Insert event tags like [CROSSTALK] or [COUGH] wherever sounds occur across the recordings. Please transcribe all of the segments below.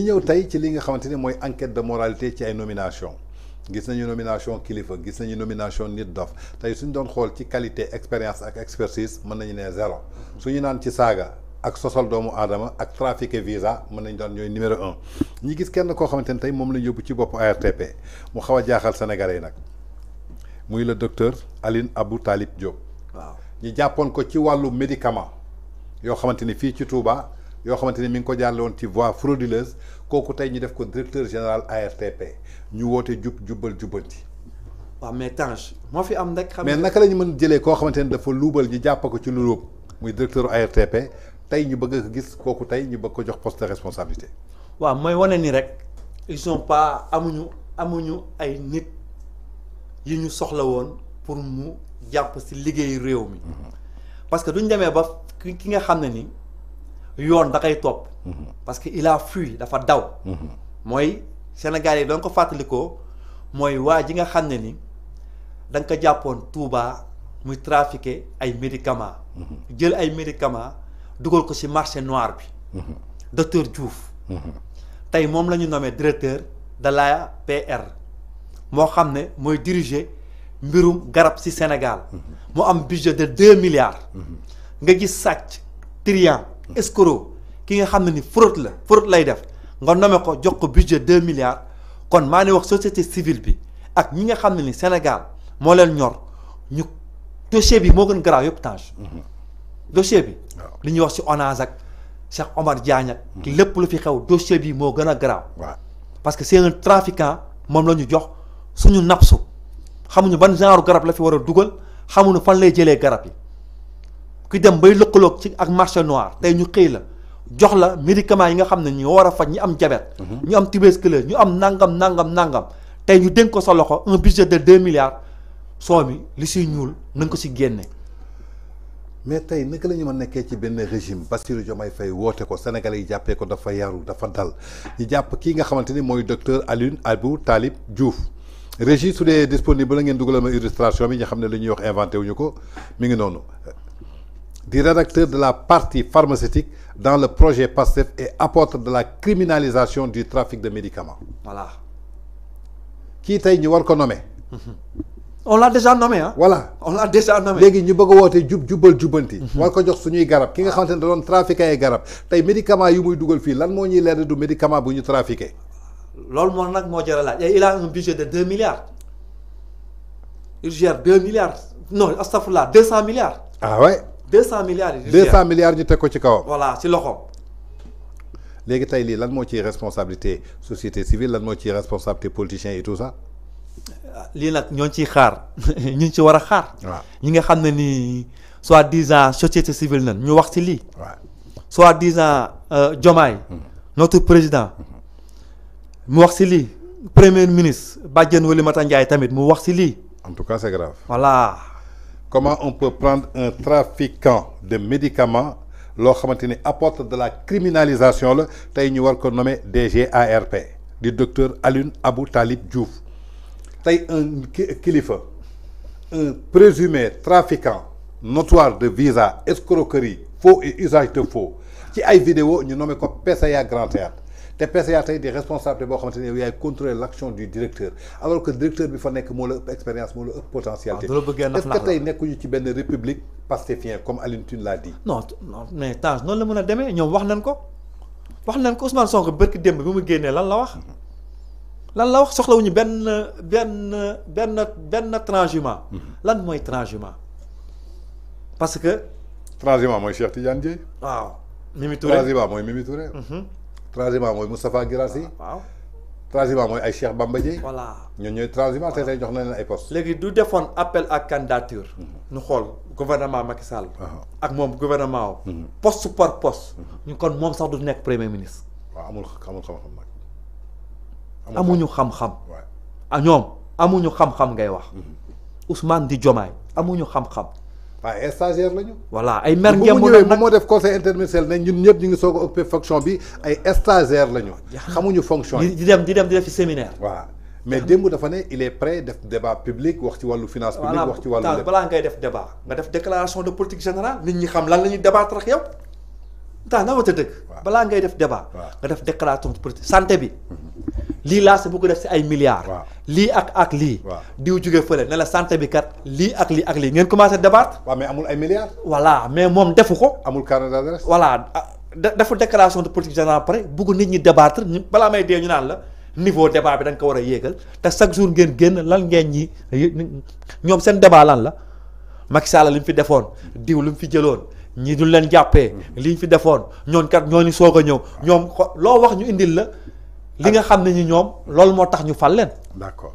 ñi ñëw tey ci li nga xamante ni mooy enquête de moralité ci ay nomination gis nañu nomination kilifa gis nañu nomination nit dof tey suñu doon xool ci qualité expérience ak expertise mën nañu ne zéro suñu naan ci saaga ak sosal doomu aadama ak trafiqué visa mën nañ doon ñooy numéro un ñi gis kenn koo xamante ne tey moom lañ yóbbu ci bopp ARTP mu xaw a jaaxal sénégalais yi nag muy le docteur Aline Abou Talib Diop. waaw ñu jàppoon ko ci wàllu médicament yoo xamante ni fii ci Touba. yo xamanteni mi ngi ko jàll woon ci voie frauduleuse kooku tey ñu def ko directeur général ARTP ñu woote jub jubal jubanti waaw mais Tange moo fi am nag. xam mais naka la ñu mën jëlee koo xamante ni dafa luubal ñu jàpp ko ci luub muy directeur ARTP tey ñu bëgg ko gis kooku tey ñu bëgg ko jox poste de responsabilité. waaw mooy wane ni rek ils sont pas amuñu amuñu ay nit yi ñu soxla woon pour mu jàpp si liggéey réew mi mhm. parce que duñ demee ba ki nga xam ne ni yone da koy topp. Mhm. parce que il a fui dafa daw. moy mhm. Sénégal yi danga ko fàttalikoo mooy ji nga xamné ni dang ko jàppoon Touba muy trafiquer ay médicaments. Mhm. jël ay médicaments dugal ko ci marché noir bi. docteur Diouf. tey moom la ñu nommé directeur de la PR mo xamné moy diriger mbirum garab ci Sénégal. mo am budget de 2 milliards. nga gis sàcc triant. escroc ki nga xam ne ni fraude la fraude lay def nga nommé ko jox ko budget deux milliards kon maa ni wax société civile bi ak ñi nga xam ne ni Sénégal moo leen ñor ñu dossier bi moo gën garaaw yëpp Tange mm-hmm. dossier bi li ñuy wax ci ONAS ak Cheikh Omar Diagne ak mm-hmm. lépp lu fi xew dossier bi moo gën a garaaw parce que seen un moom la ñu jox suñu napsu xamuñu ban genre garab la fi war a dugal xamuñu fan lay jëlee garab yi ki dem bay lëkkaloog ci ak marché noir tey ñu xëy la jox la médicament yi nga xam ne ñu war a faj ñu am jabet mhm. ñu am tuberculose ñu am nangam nangam nangam tey ñu dénk ko sa loxo un budget de deux milliards soo mi li si ñuul na ko si génne. mais tey naka la ñu ma nekkee ci benn régime Bassirou Diomaye fay woote ko Sénégalais yi jàppee ko dafa yaru dafa dal ñu jàpp kii nga xamante ni mooy docteur Alioune Abou Talib Diouf régie su dee disponible la ngeen dugalal ma illustration bi nga xam ne li ñuy wax inventé wuñu ko mi ngi noonu du rédacteur de la partie pharmaceutique dans le projet Pasteur et apporte de la criminalisation du trafic de médicaments. Voilà. Qui est nous avons nommer On l'a déjà nommé. Hein? Voilà. On l'a déjà nommé. Légui ñu bëgg woté djub djubal djubanti. War ko jox suñuy garab ki nga xamantene da doon trafiquer ay garab. Tay médicaments yu muy duggal fi lan mo ñuy léré du médicaments bu ñu trafiquer. Lool mo nak mo jëra laaj. Il a un budget de 2 milliards. Il gère 2 milliards. Non, astafurlah, 200 milliards. Ah ouais 200 milliards 200 milliards ñu teg ko ci kawam. voilà ci loxo. Légui tay li lan mo ci responsabilité société civile lan mo ci responsabilité politiciens et tout ça. Ah, li nak ñoo [LAUGHS] ci xaar ñu ci wara xaar. waaw ñi nga xamné ni soit soi-disant société civile nan ñu wax ci li. waaw soi-disant euh, Diomaye. Hmm. notre président. mu wax ci lii premier ministre Badiane Oulimata Ndiaye tamit mu wax ci lii. en tout cas c'est grave. voilà comment on peut prendre un trafiquant de médicaments lorsqu'il apporte de la criminalisation Le nous ñu war ko nommé DGARP du docteur Alun Abou Talib Diouf C'est un un présumé trafiquant notoire de visa escroquerie faux et usage de faux a une vidéo nous nommons ko Pessaya Grand Théâtre te PCA tey di responsables de xamante ne yow yaay contrôler l' du directeur alors que le directeur bi fa nekk moo la ëpp expérience moo la ëpp potentialité est ce que tey nekkuñu ci benn république pastéfien comme Alioune Tine l'a dit non non mais Tange noonu la mën a demee ñoom wax nañ ko wax nañ ko Ousmane Sonko bërki démb bi mu génnee lan la wax lan la wax soxlawuñu benn benn benn benn transhumant mhm. lan mooy transhumant parce que transhumant mooy Cheikh Tidiane Dièye waaw Mimi Touré transhumant mooy Mimi Touré mhm. transhumant mooy Moustapha Guirassy. waaw transhumant mooy ay Cheikh Bamba Dièye. voilà ñooñu ñooy transhumant te tey jox nañ leen ay postes. léegi du defoon appel à candidature. Mhm. ñu xool gouvernement Macky Sall. ak moom gouvernement post mhm. poste par poste. Mhm. ñu kon moom sax du nekk premier ministre. waa amul amul xam-xam nag. Ah, amuñu xam-xam. ah amuñu xam ngay wax. Ousmane di Diomaye amuñu xam-xam. waaw stagiaire lañu. voilà ay mer ngeen mun a moo def conseil interministériel né ñun ñëpp ñu ngi soko occuper occupé fonction bi ay stagiaire lañu. xamuñu fonction di dem di dem di def ci séminaire. voilà mais démb dafa né il est prêt def débat public wax ci walu finance publique. wax ci walu lépp balaa ngay def débat nga def déclaration de politique générale nit ñi xam lan la débattre ak yow. ta na wata dëgg. balaa ngay def débat. nga def déclaration de politique santé bi. Mhm. lii laa si bëgg def si ay milliards. lii ak ak lii. diw jóge fële ne la santé bi kat lii ak lii ak lii ngeen commencé débattre. waaw mais amul ay milliards. voilà mais moom defu ko. amul carnet d'adresse. voilà ah, defu déclaration de politique a pare buggu nit ñi débattre ñu balaa may dee ñu naan la niveau débat bi dañ ko war a yéegal te chaque jour ngeen génn lan ngeen ñi ñoom seen débat lan la Macky Sall li ñu fi defoon diw li mu fi jëloon. ñii duñ leen jàppee. Mm-hmm. liñ fi defoon ñooñ kat ñooñu soog a ñëw. ñoom loo wax ñu indil la. li nga xam ne ñu ñoom loolu moo tax ñu fal leen. d'accord.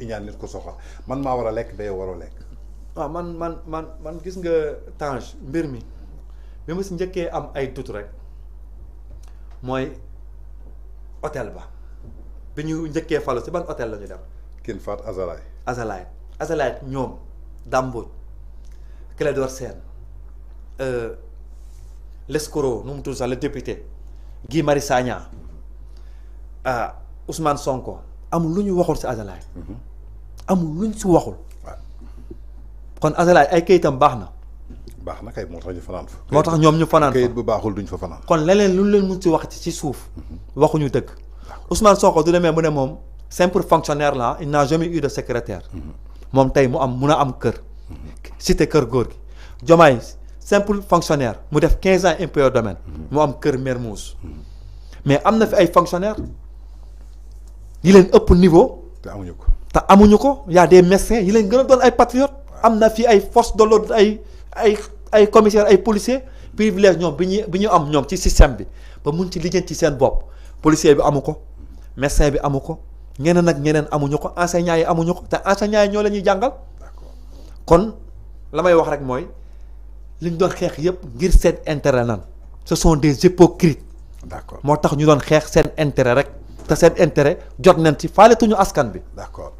iñaan nit ku soxor man maa war a lekk ba waroo lekk. waaw man man man man gis nga Tange mbir mi bi ma si njëkkee am ay doute rek mooy hôtel ba bi ñu njëkkee falu si ban hôtel la ñu dem. King Fahd Azalaï. Azalaï Azalaï ñoom Damboj Clédor Sène euh, l'escroc nu mu tudd sax le député Guy Marius Sagna euh, Ousmane Sonko amul lu ñu waxul ci Azalaï. Mhm. amul luñ si waxul. kon asalaay ay kayitam baax na. baax na kay moo tax ñu fanaan fa. moo ñu fanaan kayit bu baaxul duñ fa fanaan. kon leneen lu leen mun si wax ci suuf. Mhm. waxuñu dëgg. Ousmane Sonko du demee mu ne simple fonctionnaire la il n'a jamais eu de secrétaire. Mhm. moom tey mu am mun a am kër. Mhm. cité kër góor gi. Diomaye simple fonctionnaire mu def 15 ans impôts domaine. mu am kër Mermoz. mais am na fi ay fonctionnaires. yi leen ëpp niveau. te amuñu ko. te amuñu ko y' a des médecins yi leen gën a doon ay patriotes am na fii ay force de l'ordre ay ay ay commissaires ay policiers privilège ñoom bi ñu bi ñu am ñoom ci système bi ba mun ci ci seen bopp policier bi amu ko médecin bi amu ko ñeneen ak ñeneen amuñu ko enseignants yi amuñu ko te enseignants yi ñoo la ñuy jàngal kon la may wax rek mooy li ñu doon xeex yépp ngir seen intérêt nan ce sont des hypocrites d'accord moo tax ñu doon xeex seen intérêt rek te seen intérêt jot nañ ci faaletuñu askan bi d'accord